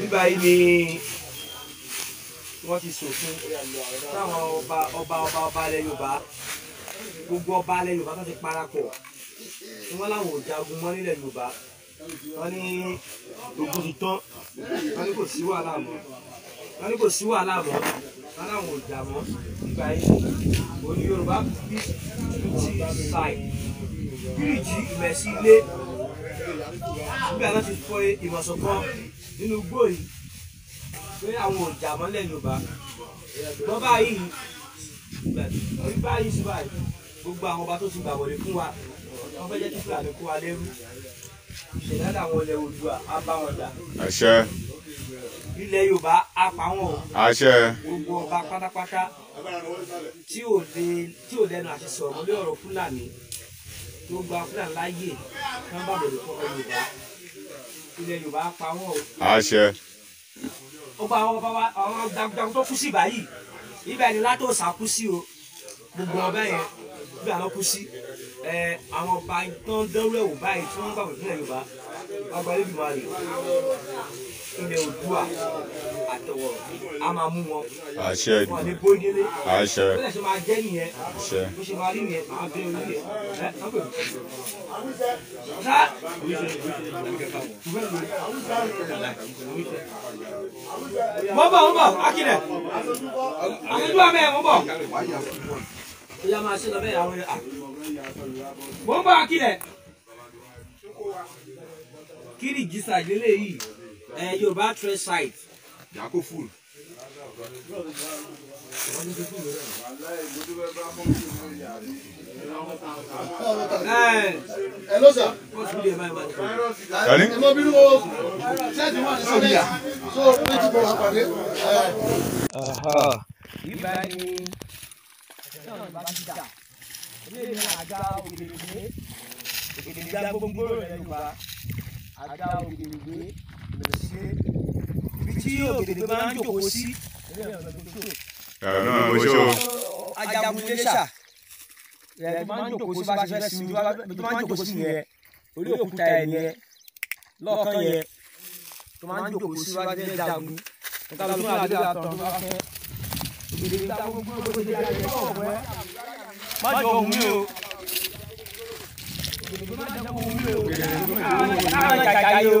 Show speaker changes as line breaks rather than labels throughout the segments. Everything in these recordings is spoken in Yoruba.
nígbà yìí ni wọ́n ti ṣòfin táwọn ọba ọba ọba ọba alẹ́ Yorùbá gbogbo ọba alẹ́ Yorùbá tó ti parapọ̀ ni wọ́n láwọn ò jagun mọ́ nílẹ̀ Yorùbá wọ́n ní ogun ti tán wọ́n ní kò sí wàhálà mọ́ wọ́n ní kò sí wàhálà mọ́ wọ́n láwọn ò jà mọ́ nígbà yìí òní Yorùbá bí ti ṣáì bíríìjì ìmẹ̀sí ilé nígbà náà ti kọ́ ìmọ̀sán kan nínú igbó yìí pé àwọn ọ̀jà mọ́lẹ̀ yorùbá wọ́n báyìí orí báyìí sí báyìí gbogbo àwọn ọba tó ti gbà wọlé fún wa wọ́n fẹ́ jẹ́ kí fúlàní kó wa lẹ́rú ìṣẹ̀dá àwọn ilẹ̀ oòdùà á bá wọn jà. àṣẹ. ilẹ̀ yorùbá á pa wọn o. àṣẹ. gbogbo ọba pátápátá tí ò lẹ́nu àti sọ̀rọ̀ lórí ọ̀rọ̀ fúlàní tó gba fúlàní láàyè kán bá bẹ̀rẹ̀ fún ọmọ yorùbá ilẹ̀ yorùbá pa wọ́n o. àṣẹ. ó bá àwọn bàbá àwọn dagudagun tó kú sí báyìí ibẹ̀ ni látò sàkú sí o gbogbo ọbẹ̀ yẹn bí àwọn kú sí àwọn ọba tó ń dẹ́rù ẹ̀wò báyìí tí wọ́n gbàgbọ́ fúlẹ̀ yorùbá wọ́n gba ibi wọn rè é ilẹ̀ òdua àtọwọ̀ a máa mú wọn. àṣẹ ìdùnnú wọn lè bó délé. àṣẹ bí wọn ṣe máa jẹ nìyẹn. àṣẹ bí wọn ṣe máa rí nìyẹn máa bẹ orí rẹ. ṣá wọ́n bọ̀ wọ́n bọ̀ akílẹ̀ àtúntò àmì ẹ̀ wọ́n bọ̀. ìyá máa ṣe lọ bẹ́ẹ̀ àwọn ẹ̀ wọ́n bọ̀ akílẹ̀ kiri jisa lélẹ́yìí ẹ eh, yorùbá trade site. yàgò full. Eh. Hello sir. Ẹ lọ ibi tí ògèdègbè máa ń jòkó sí
ẹ̀rọ náà gbóṣó.
ajagunléṣà ẹ̀rọ máa ń jòkó sí bá ṣe fẹ́ sinmi tó máa ń jòkó sí yẹn orí òkúta ẹ̀ yẹn lọ́ọ̀kan yẹn tó máa ń jòkó sí wájú ẹ̀ jagun nígbà tó máa dé àtọ̀ tó bá fẹ́. ògèdègbè tá gbogbo ṣe ayé tó ọ̀pọ̀ ẹ̀ má jọ òun mi o. ògèdègbè má jọ òun mi o. ògèdègbè má jọ òun mi o.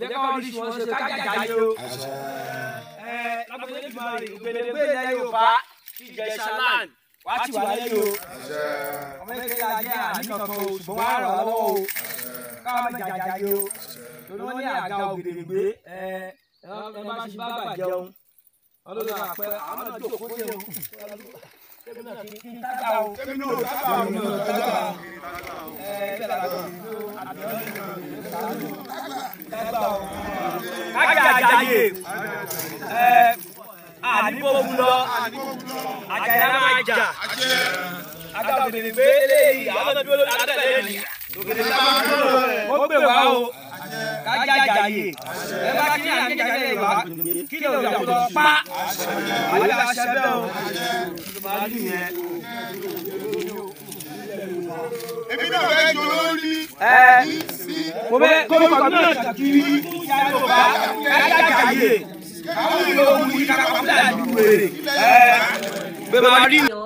jẹ́ ká wọ́n rí ṣùgbọ́n ṣe ká jàjà yé o. ẹ lábàtà ní ìgbà rẹ̀ ògbèlègbè ilẹ̀ Yorùbá Ìjẹ̀ṣà land wá ti wà lẹ́yìn o. ọmọ ẹgbẹ́ la jẹ́ àníkànkan o ṣùgbọ́n wàá rọ̀ lọ́wọ́ o ká má jàjà yé o. torí wọ́n ní àga ògbèlègbè ẹ ẹ má ṣe bá bà jẹun ọlọ́dọ̀ àpẹ àwọn náà kájà àjàyè ẹ àdìgbòhùn lọ aja máa jà àgbàgbèrè pé eléyìí alọ́dúró alátẹ̀lẹ́ ni òkèlè sábà dúró ó pè wá o kájà àjàyè ẹ bá kí àjàyè lè wá kí pa àlẹ́ àṣẹ bẹ́ẹ̀ o màálù yẹn èmi náà fẹ́ jọ lórí. Eh, mo bẹ kórìkọ náà kiri yorùbá kájàkáyé káwọn yóò wí kápá fúlàní wèrè ẹ bẹẹ máa rí.